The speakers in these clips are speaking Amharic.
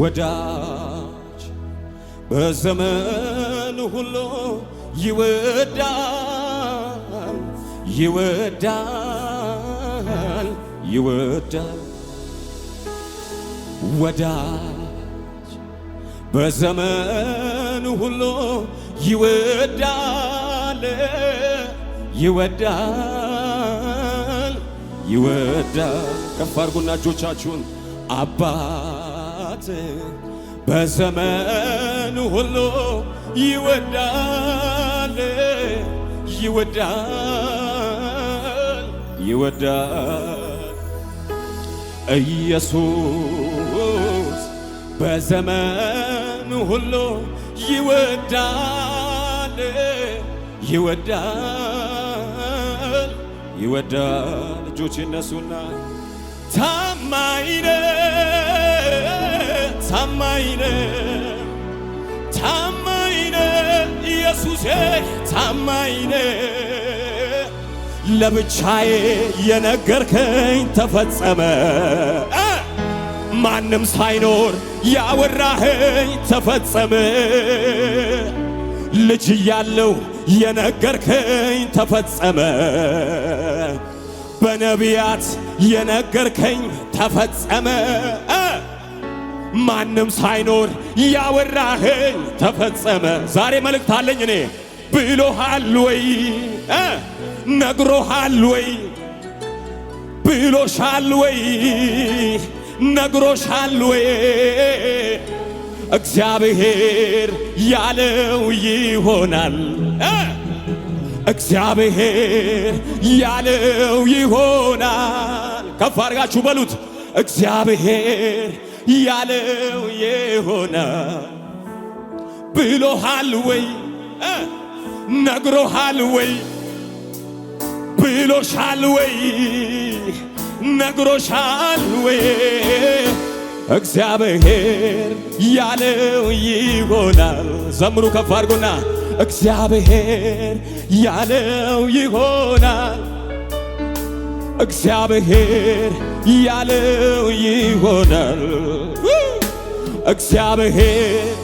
ወዳጅ በዘመን ሁሉ ይወዳል ይወዳል ይወዳል ወዳጅ በዘመኑ ሁሉ ይወዳል ይወዳል ይወዳል ከፍ አድርጉና እጆቻችሁን አባ አባት በዘመኑ ሁሉ ይወዳል ይወዳል ይወዳል ኢየሱስ በዘመኑ ሁሉ ይወዳል ይወዳል ይወዳል እጆች እነሱና ታማኝ ነው ታማኝነ ታማኝነ ኢየሱሴ ታማኝነ ለብቻዬ የነገርከኝ ተፈጸመ ማንም ሳይኖር ያወራኸኝ ተፈጸመ ልጅ ያለው የነገርከኝ ተፈጸመ በነቢያት የነገርከኝ ተፈጸመ ማንም ሳይኖር ያወራህ ተፈጸመ። ዛሬ መልእክት አለኝ እኔ ብሎሃል ወይ ነግሮሃል ወይ ብሎሻል ወይ ነግሮሻል ወይ እግዚአብሔር ያለው ይሆናል። እግዚአብሔር ያለው ይሆናል። ከፍ አድርጋችሁ በሉት እግዚአብሔር ያለው የሆነ ብሎሃል ወይ ነግሮሃል ወይ ብሎሻል ወይ ነግሮሻል ወይ እግዚአብሔር ያለው ይሆናል። ዘምሩ ከፍ አድርጎና እግዚአብሔር ያለው ይሆናል እግዚአብሔር ያለው ይሆናል። እግዚአብሔር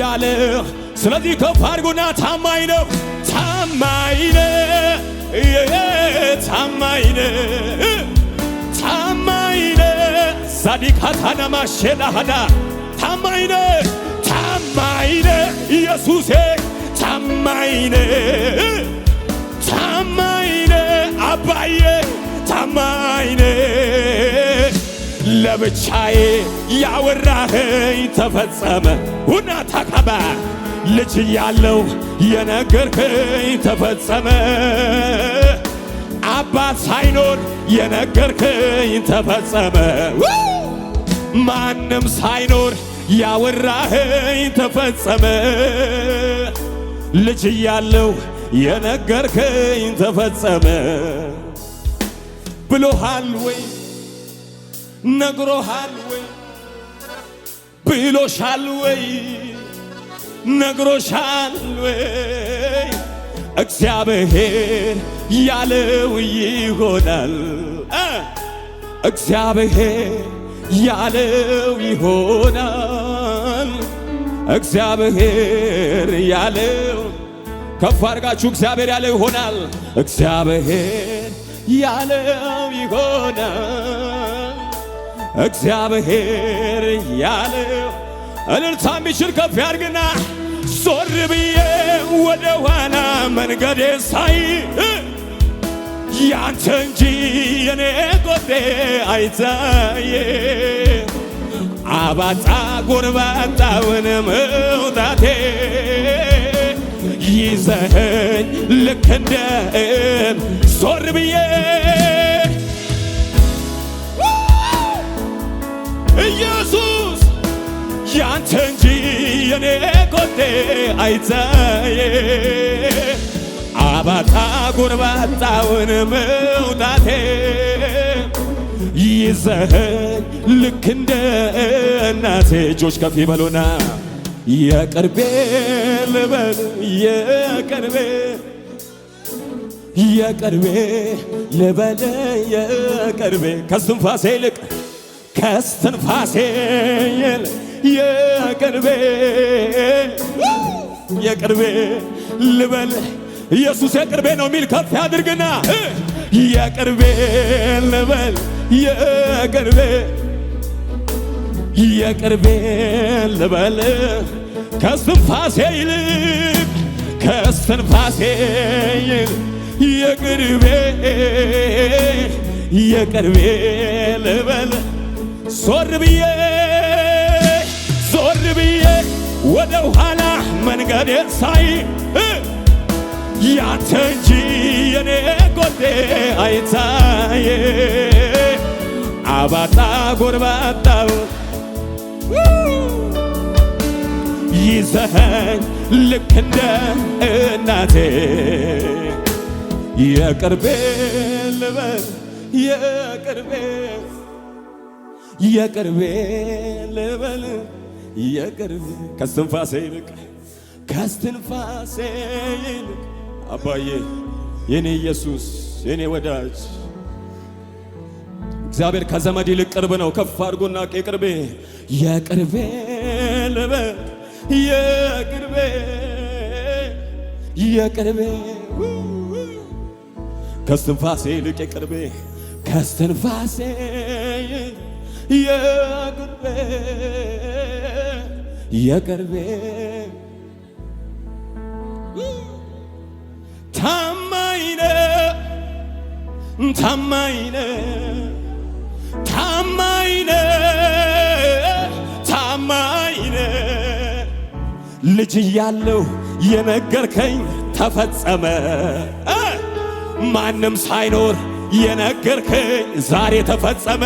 ያለው ስለዚህ ከፍ አድርጉና ታማኝ ነው፣ ታማኝ ነው፣ ታማኝ ነው፣ ታማኝ ነው። ዛዲካታና ማሸላሃዳ ታማኝ ነው፣ ታማኝ ነው ኢየሱሴ ታማይነ ታማይነ አባዬ ታማይነ ለብቻዬ ያወራኸኝ ተፈጸመ ሁና ታካባ ልጅ ያለው የነገርኸኝ ተፈጸመ አባት ሳይኖር የነገርኸኝ ተፈጸመ ማንም ሳይኖር ያወራኸኝ ተፈጸመ ልጅ እያለሁ የነገርከኝ ተፈጸመ ብሎሃል ወይ ነግሮሃል ወይ ብሎሻል ወይ ነግሮሻል ወይ እግዚአብሔር ያለው ይሆናል እግዚአብሔር ያለው ይሆናል እግዚአብሔር ያለው ከፍ አድርጋችሁ እግዚአብሔር ያለው ይሆናል። እግዚአብሔር ያለው ይሆናል። እግዚአብሔር ያለው እልልታ የሚችል ከፍ ያድርግና ዞር ብዬ ወደ ኋላ መንገዴ ሳይ ያንተ እንጂ የኔ ጎቴ አይታየ ባጣ ጎርባጣውን መውጣቴ ይዘኸኝ ልክ እንደ ዞር ብዬ ኢየሱስ ያንተ እንጂ የኔ ኮቴ አይታየ አባጣ ጎርባጣውን መውጣቴ ይዘኸኝ ልክ እንደ እናቴ እጆች ከፍ ይበሉና የቅርቤ ልበል የቅርቤ የቅርቤ ልበል የቅርቤ ከስትንፋሴ ይልቅ ከስትንፋሴ ይልቅ የቅርቤ የቅርቤ ልበል ኢየሱስ የቅርቤ ነው የሚል ከፍ ያድርግና የቅርቤ ልበል የቅርቤ የቅርቤ ልበል ከስትንፋሴ ይልቅ ከስትንፋሴ ይልቅ የቅርቤ የቅርቤ ልበል ዞር ብዬ ዞር ብዬ ወደ ኋላ መንገዴ ሳይ ያንተ እንጂ የኔ ጎዴ አይታየ አባጣ ጎርባጣው ይዘኸኝ ልክ እንደ እናቴ የቅርቤ ልበል የቅርቤ የቅርቤ ልበል የቅርቤ ከስትንፋሴ ይልቅ ከስትንፋሴ ይልቅ አባዬ የኔ ኢየሱስ የኔ ወዳጅ እግዚአብሔር ከዘመድ ይልቅ ቅርብ ነው። ከፍ አድርጎና የቅርቤ የቅርቤ ልበ የቅርቤ የቅርቤ ከስትንፋሴ ይልቅ የቅርቤ ከስትንፋሴ የቅርቤ የቅርቤ ታማኝ ነህ ታማኝ ነህ ልጅ እያለሁ የነገርከኝ ተፈጸመ። ማንም ሳይኖር የነገርከኝ ዛሬ ተፈጸመ።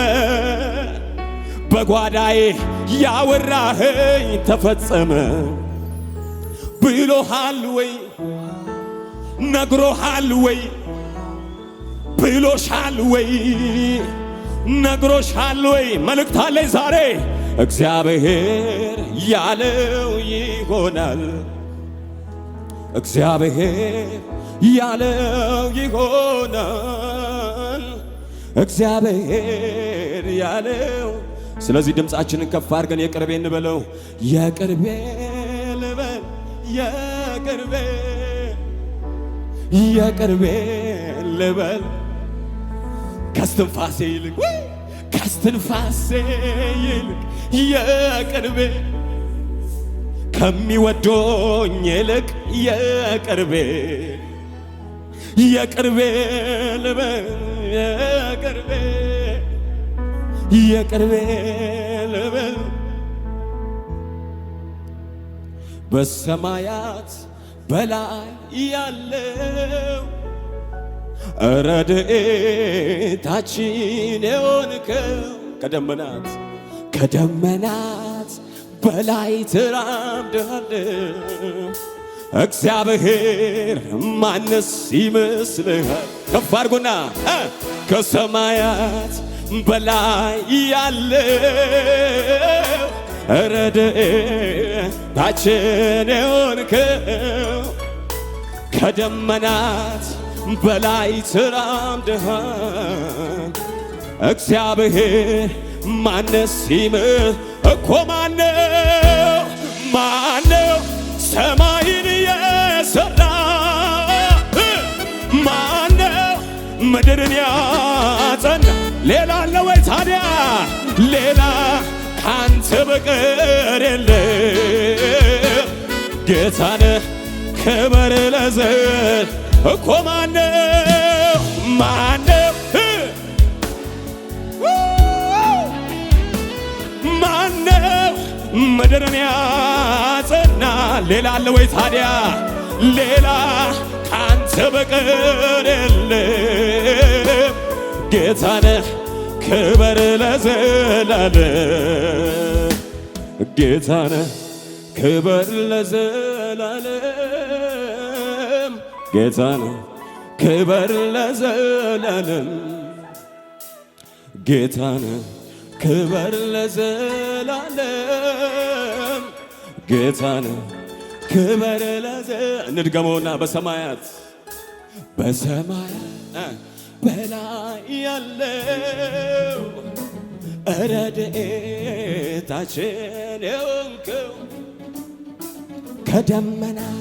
በጓዳዬ ያወራኸኝ ተፈጸመ። ብሎሃል ወይ ነግሮሃል ወይ ብሎሻል ወይ ነግሮሻል ወይ መልእክት አለኝ ዛሬ እግዚአብሔር ያለው ይሆናል። እግዚአብሔር ያለው ይሆናል። እግዚአብሔር ያለው። ስለዚህ ድምፃችንን ከፍ አድርገን የቅርቤ እንበለው። የቅርቤ ልበል የቅርቤ የቅርቤ ልበል ከስትንፋሴ ይልቅ ከስትንፋሴ ይልቅ የቅርቤ ከሚወዶኝ ይልቅ የቅርቤ የቅርቤ ልበል የቅርቤ የቅርቤ ልበል በሰማያት በላይ ያለው ረድኤታችን የሆንከው ከደመናት ከደመናት በላይ ተራምደሃል እግዚአብሔር ማነስ ይመስልሃል? ከፍ አድርጎና ከሰማያት በላይ ያለ ረድኤታችን የሆንከው ከደመናት በላይ ተራምደሃል እግዚአብሔር ማነስ ይምህ እኮ ማነው ማነው ሰማይን የሰራ ማነው ምድርን ያጸና ሌላ አለ ወይ ታዲያ ሌላ ካንተ በቀር የለም ጌታነ ክብር ለዘር እኮ ማነው ምድርን ያጸና ሌላ አለ ወይ ታዲያ ሌላ ካንተ በቀር የለም ጌታነ ክበር ለዘላለ ጌታነህ ክበር ለዘላለም ጌታነህ ክበር ለዘላለም ጌታነህ ክበር ለዘላለም ጌታን ክበር ለዘ እንድገመውና በሰማያት በሰማያት በላይ ያለው ረድኤታችን የሆንከው ከደመናት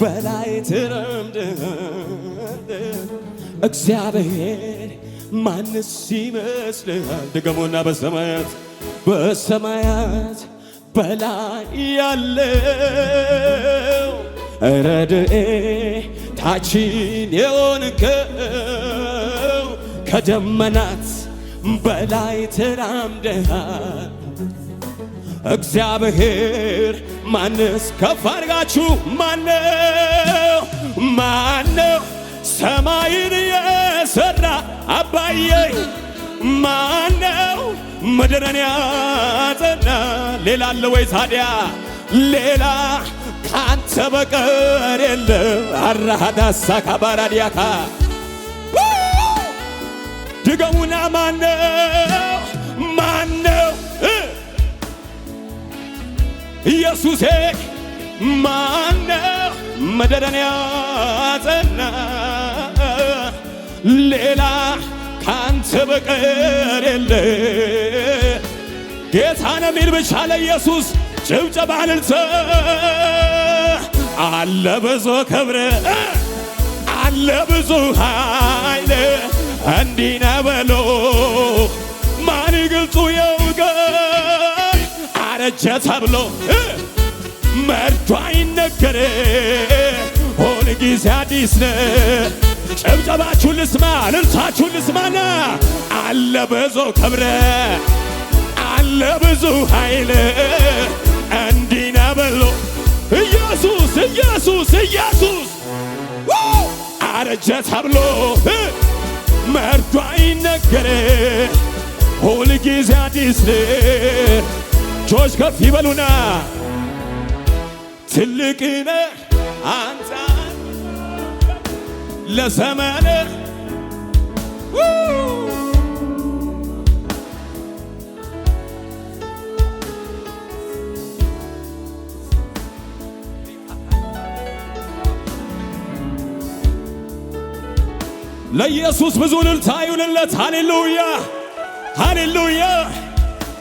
በላይ ትረምድ እግዚአብሔር ማንስ ይመስልሃል? ድገሙና በሰማያት በሰማያት በላይ ያለው ረድኤ ታችን የሆንከው ከደመናት በላይ ተራምደሃል እግዚአብሔር ማንስ ከፍ አድርጋችሁ ማነው ማነው ሰማይን አባዬ ማነው ምድርን ያጸና? ሌላ አለ ወይ ታዲያ ሌላ ካንተ በቀር የለም። አራሃዳሳ ካባራዲያካ ድገሙና ማነው ማነው ኢየሱሴ ማነው ምድርን ያጸና ሌላ ካንተ በቀር የለ ጌታ ነው የሚል ብቻ ለኢየሱስ ጭብጨባ እልልታ አለ ብዙ ክብር አለ ብዙ ኃይል እንዲህ ማን ግልጹ የውገ አረጀ ተብሎ መርዷ ይነገረ ሁል ጊዜ አዲስ ነው ጭብጨባችሁን ልስማ፣ ልልሳችሁን ልስማና አለ ብዙ ክብረ አለ ብዙ ኃይል እንዲና በሎ ኢየሱስ ኢየሱስ ኢየሱስ አረጀ ተብሎ መርዶ አይነገር ሁል ጊዜ አዲስ ጆች ከፍ ይበሉና ትልቅነ አንተ لزمانك ليسوس بزول التايون اللت هاليلويا هاليلويا